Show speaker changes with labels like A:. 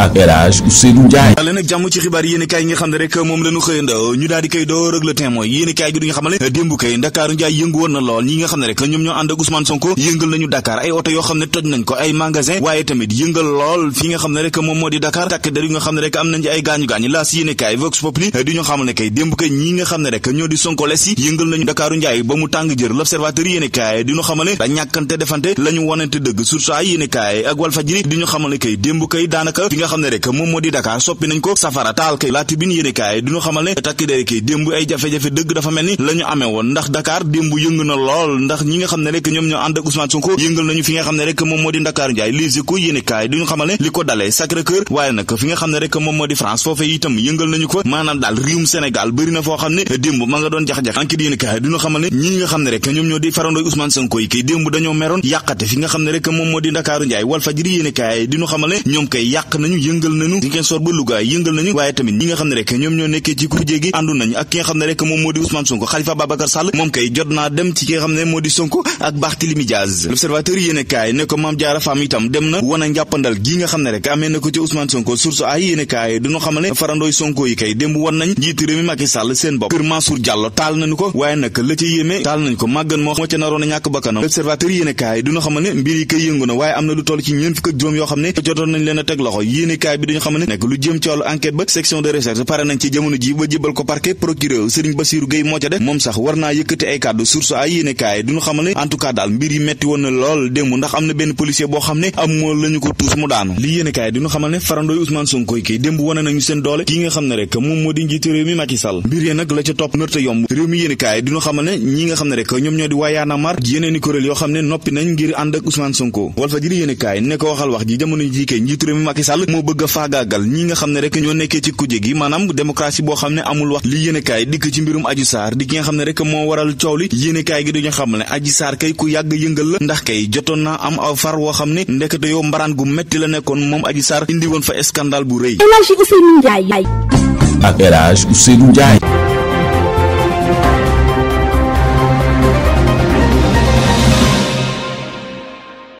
A: ak El Hadj Ousseynou Ndiaye dalee nag jàmm ci xibaar du nga nga xam ne rek moom moo di ñu xamal kay démb kay ñi nga xam ne rek da ñàkkante defante la wonante dëgg sursaay yéen ak Walfadjri di ñu xamal kay démb kay daanaka xam ne rek moom moo di Dakar soppi nañ ko safara taal kay laati bin yéenekaay duñu xamal ne takk der kay démb ay jafe-jafe dëgg dafa mel ni la ñu amee woon ndax Dakar démb yëngu na lool ndax ñi nga xam ne rek ñoom ñoo ànd ak Ousmane Sonko nañu fi nga xam ne rek moom moo di Ndakaaru Njaay Les Échos xamal ne ko dalee Sacré-Cœur waaye nag fi nga xam ne rek moom moo di France foofe itam yëngal ko maanaam daal réewum Sénégal bëri na foo xam ne démb ma nga doon jax-jax enquête yéenekaay duñu xamal ne ñi xam ne rek ñoom ñoo di farandooy Ousmane yi kay démb dañoo meroon yàqate fi nga xam ne rek moom moo di Ndakaaru Njaay Walfadjri yéenekaay duñu xamal ne ñoom kay yàq nañu yëngal nañu Ziguinchor ba Louga yëngal nañu waaye tamit ñi nga xam ne rek ñoom ñoo nekkee ci kujje gi àndu nañu ak ki nga xam ne rek moom kay jot dem ci ki nga xam ne moo ne ko Mame Diarra Fam itam dem na a njàppandal gi nga xam ne rek amee na ko ci Ousmane ne farandooy nañu ko waaye moo moo naroon a ñàkk bakkanam l'observateur yéene kaay duñu xamal ne mbir yi kay waaye am na lu toll ci ñeent fukk ak juróom yoo xam ne jotoon nañ leen a teg loxo yéenekaay bi dañu xam ne nekk lu jëm ci wàllu enquête ba section de recherche pare nañ ci jamono ji ba jébal ko parquet procureur Serigne Bassirou Gueye moo def moom sax war naa yëkkati ay kàddu source ay yéenekaay duñu xam ne en daal mbir yi metti woon na lool démb ndax am na benn policier boo xam ne am moo la ñu ko tuus mu daanu li yéenekaay duñu xamal ne farandooy Ousmane Sonko yi kay démb wane nañu seen doole kii nga xam ne rek moom moo di la ca topp nërta yomb réew mi yéenekaay duñu xamal ne ñi nga xam ne rek ñoom ñoo di waa Yaana Mar yeneen wax ji jamono ji kay moo bëgg a faagaagal ñi nga xam ne rek ñoo nekkee ci kujje gi maanaam démocratie boo xam ne amul wax li yéenekaay dikk ci mbirum Adji Sarr di ki nga xam ne rek moo waral coow gi duñu xam ne Adji Sarr kay ku yàgg yëngal la ndax kay jotoon na am aw far woo xam ne ndekete yow mbaraan gu metti la nekkoon moom Adji Sarr indi woon fa scandale bu rëy. ak El Hadj Ousseynou Ndiaye.